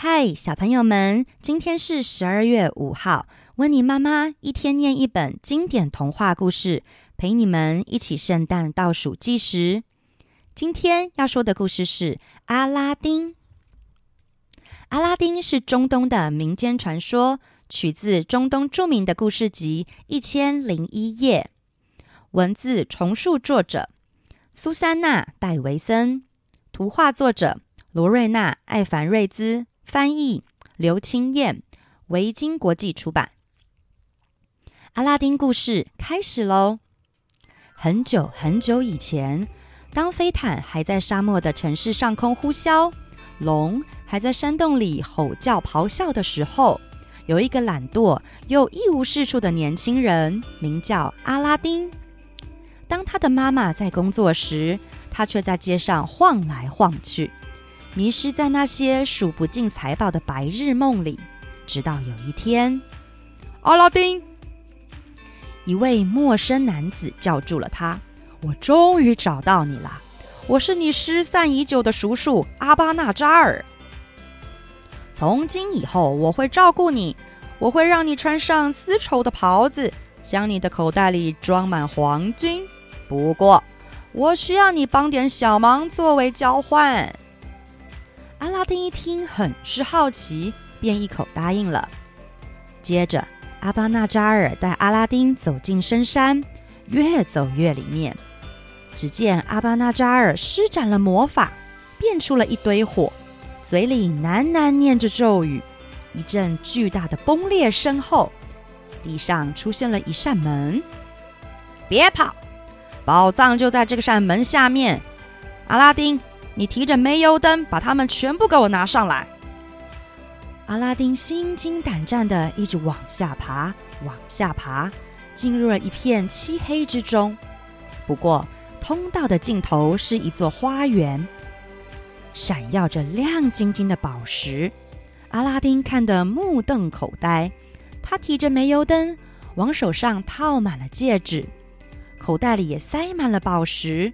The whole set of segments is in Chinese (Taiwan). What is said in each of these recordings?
嗨，小朋友們，今天是十二月五號。溫妮媽媽一天念一本經典童話故事，陪你們一起聖誕倒數計時。今天要說的故事是《阿拉丁》。阿拉丁是中東的民間傳說，取自中東著名的故事集《一千零一夜》。文字重述作者：蘇珊娜·戴維森；圖畫作者：羅芮娜·艾凡瑞茲。翻譯：劉清彥，維京國際出版。阿拉丁故事開始嘍！很久很久以前，當飛毯還在沙漠的城市上空呼嘯，龍還在山洞裡吼叫咆哮的時候，有一個懶惰又一無是處的年輕人，名叫阿拉丁。當他的媽媽在工作時，他卻在街上晃來晃去。迷失在那些數不盡財寶的白日夢裡，直到有一天，阿拉丁，一位陌生男子叫住了他：“我終於找到你了，我是你失散已久的叔叔阿巴納扎爾。從今以後，我會照顧你，我會讓你穿上絲綢的袍子，將你的口袋裡裝滿黃金。不過，我需要你幫點小忙作為交換。”阿拉丁一聽很，很是好奇，便一口答應了。接着，阿巴納扎爾帶阿拉丁走進深山，越走越裡面。只見阿巴納扎爾施展了魔法，變出了一堆火，嘴裡喃喃念着咒語。一陣巨大的崩裂聲後，地上出現了一扇門。別跑，寶藏就在這個扇門下面，阿拉丁。你提着煤油燈，把它們全部給我拿上來。阿拉丁心驚膽戰地一直往下爬，往下爬，進入了一片漆黑之中。不過，通道的盡頭是一座花園，閃耀着亮晶晶的寶石。阿拉丁看得目瞪口呆，他提着煤油燈，往手上套滿了戒指，口袋裡也塞滿了寶石。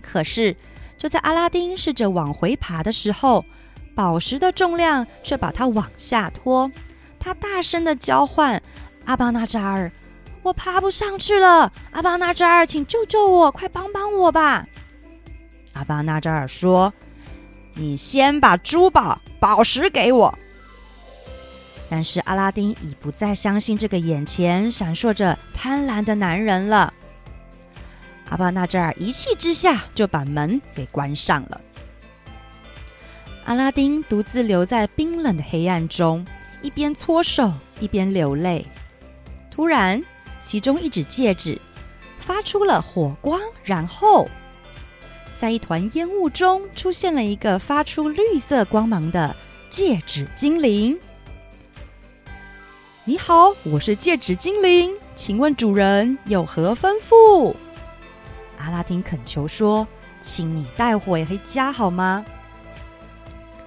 可是。就在阿拉丁試着往回爬的時候，寶石的重量卻把他往下拖。他大聲的叫喚：“阿巴納扎爾，我爬不上去了！阿巴納扎爾，請救救我，快幫幫我吧！”阿巴納扎爾說：“你先把珠寶、寶石給我。”但是阿拉丁已不再相信這個眼前閃爍着貪婪的男人了。阿巴納扎爾一氣之下就把門給關上了。阿拉丁獨自留在冰冷的黑暗中，一邊搓手一邊流淚。突然，其中一隻戒指發出了火光，然後在一團煙霧中出現了一個發出綠色光芒的戒指精靈。“你好，我是戒指精靈，請問主人有何吩咐？”阿拉丁懇求說：“請你帶我回家好嗎？”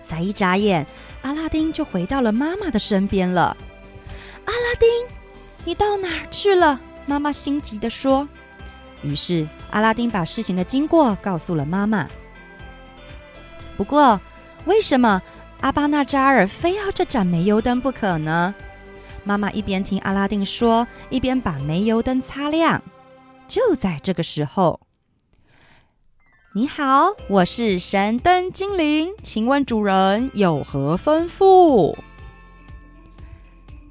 才一眨眼，阿拉丁就回到了媽媽的身邊了。“阿拉丁，你到哪兒去了？”媽媽心急地說。於是，阿拉丁把事情的經過告訴了媽媽。不過，為什麼阿巴納扎爾非要這盞煤油燈不可呢？媽媽一邊聽阿拉丁說，一邊把煤油燈擦亮。就在這個時候。你好，我是神燈精靈，請問主人有何吩咐？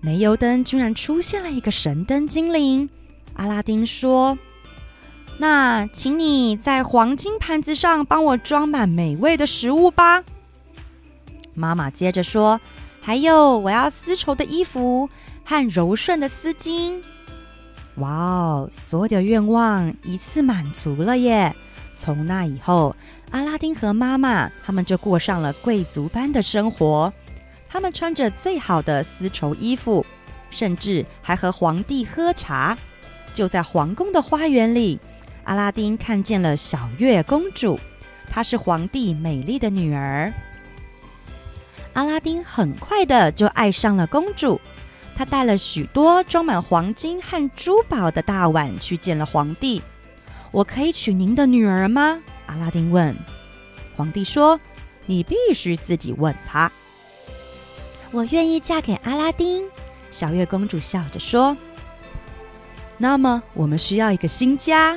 煤油燈居然出現了一個神燈精靈。阿拉丁說：“那請你在黃金盤子上幫我裝滿美味的食物吧。”媽媽接着說：“還有，我要絲綢的衣服和柔順的絲巾。”哇哦，所有的願望一次滿足了耶！從那以後，阿拉丁和媽媽他們就過上了貴族般的生活。他們穿着最好的絲綢衣服，甚至還和皇帝喝茶。就在皇宮的花園裡，阿拉丁看見了小月公主，她是皇帝美麗的女兒。阿拉丁很快的就愛上了公主，他帶了許多裝滿黃金和珠寶的大碗去見了皇帝。我可以娶您的女兒嗎？阿拉丁問。皇帝說：“你必須自己問她。”“我願意嫁給阿拉丁。”小月公主笑着說。“那麼，我們需要一個新家。”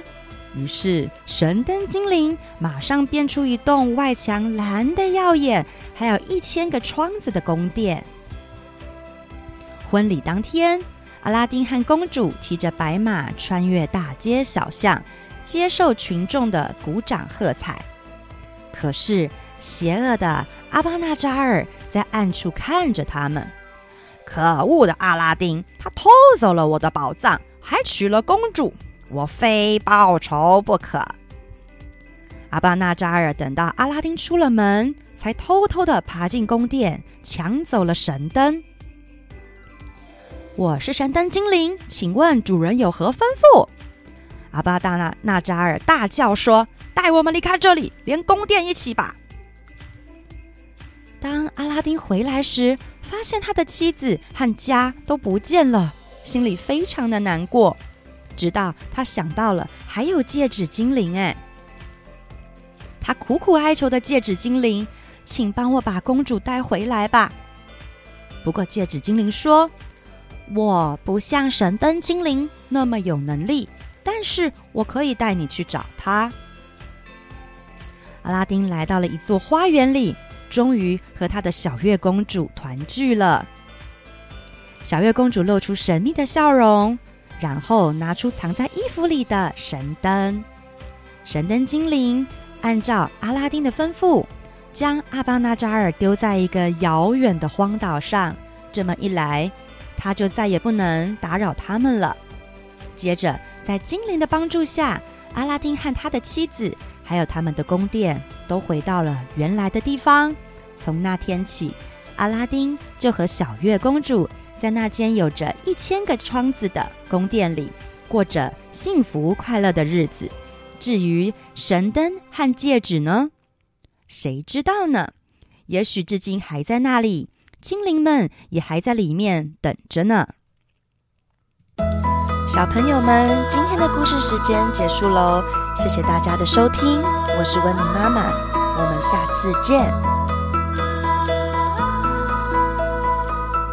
於是，神燈精靈馬上變出一棟外牆藍得耀眼，還有一千個窗子的宮殿。婚禮當天，阿拉丁和公主騎着白馬穿越大街小巷。接受群眾的鼓掌喝彩，可是邪惡的阿巴納扎爾在暗處看着他們。可惡的阿拉丁，他偷走了我的寶藏，還娶了公主，我非報仇不可。阿巴納扎爾等到阿拉丁出了門，才偷偷的爬進宮殿，搶走了神燈。我是神燈精靈，請問主人有何吩咐？阿巴達納納扎爾大叫說：“帶我們離開這裡，連宮殿一起吧！”當阿拉丁回來時，發現他的妻子和家都不見了，心裡非常的難過。直到他想到了還有戒指精靈，哎，他苦苦哀求的戒指精靈，請幫我把公主帶回來吧。不過戒指精靈說：“我不像神燈精靈那麼有能力。”但是我可以帶你去找他。阿拉丁來到了一座花園裡，終於和他的小月公主團聚了。小月公主露出神秘的笑容，然後拿出藏在衣服裡的神燈。神燈精靈按照阿拉丁的吩咐，將阿巴納扎爾丟在一個遙遠的荒島上。這麼一來，他就再也不能打擾他們了。接着。在精靈的幫助下，阿拉丁和他的妻子，還有他們的宮殿，都回到了原來的地方。從那天起，阿拉丁就和小月公主在那間有着一千個窗子的宮殿裡，過着幸福快樂的日子。至於神燈和戒指呢？誰知道呢？也許至今還在那裡，精靈們也還在裡面等着呢。小朋友們，今天的故事時間結束嘍，謝謝大家的收聽，我是溫妮媽媽，我們下次見。